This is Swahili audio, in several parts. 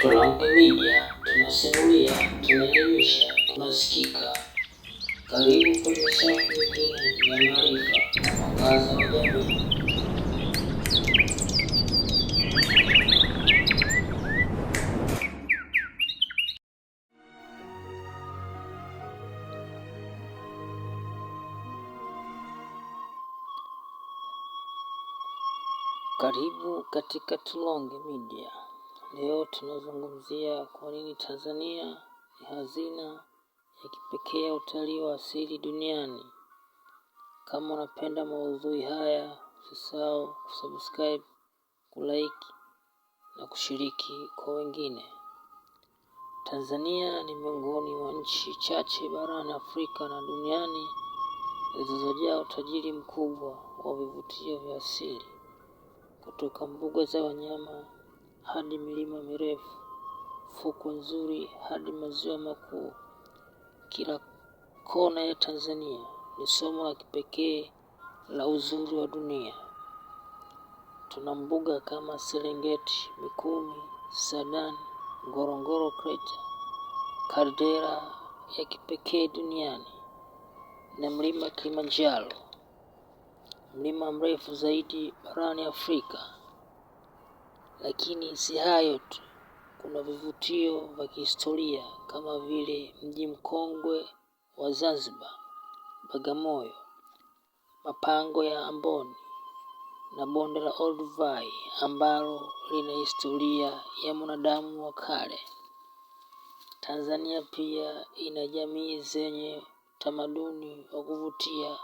Tulange Media tunasimulia, tunaelimisha, tunasikika. Karibu kwenye safu yetu ya Karibu katika Tulonge Media. Leo tunazungumzia kwa nini Tanzania ni hazina ya kipekee ya utalii wa asili duniani. Kama unapenda maudhui haya, usisahau kusubscribe, kulike na kushiriki kwa wengine. Tanzania ni miongoni mwa nchi chache barani Afrika na duniani zilizojaa utajiri mkubwa wa vivutio vya asili kutoka mbuga za wanyama hadi milima mirefu, fukwe nzuri hadi maziwa makuu. Kila kona ya Tanzania ni somo la kipekee la uzuri wa dunia. Tuna mbuga kama Serengeti, Mikumi, Sadan, Ngorongoro Crater, kaldera ya kipekee duniani na mlima Kilimanjaro, mlima mrefu zaidi barani Afrika. Lakini si hayo tu, kuna vivutio vya kihistoria kama vile mji mkongwe wa Zanzibar, Bagamoyo, mapango ya Amboni na bonde la Olduvai ambalo lina historia ya mwanadamu wa kale. Tanzania pia ina jamii zenye utamaduni wa kuvutia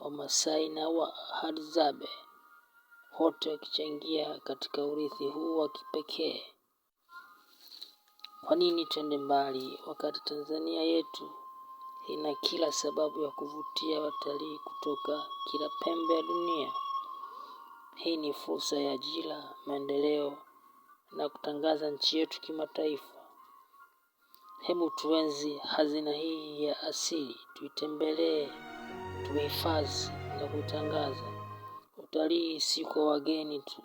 Wamasai na Hadzabe wote wakichangia katika urithi huu wa kipekee. Kwa nini twende mbali wakati Tanzania yetu ina kila sababu ya kuvutia watalii kutoka kila pembe ya dunia? Hii ni fursa ya ajira, maendeleo na kutangaza nchi yetu kimataifa. Hebu tuenzi hazina hii ya asili, tuitembelee, tuhifadhi na kuitangaza. Utalii si kwa wageni tu,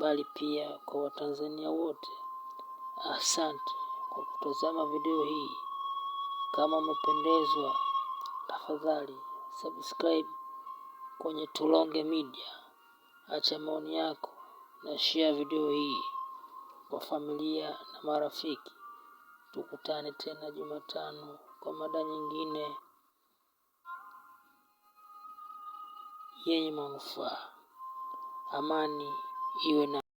bali pia kwa watanzania wote. Asante kwa kutazama video hii. Kama umependezwa, tafadhali subscribe kwenye Tulonge Media. Acha maoni yako na share video hii kwa familia na marafiki. Tukutane tena Jumatano kwa mada nyingine. yenye manufaa. Amani iwe na.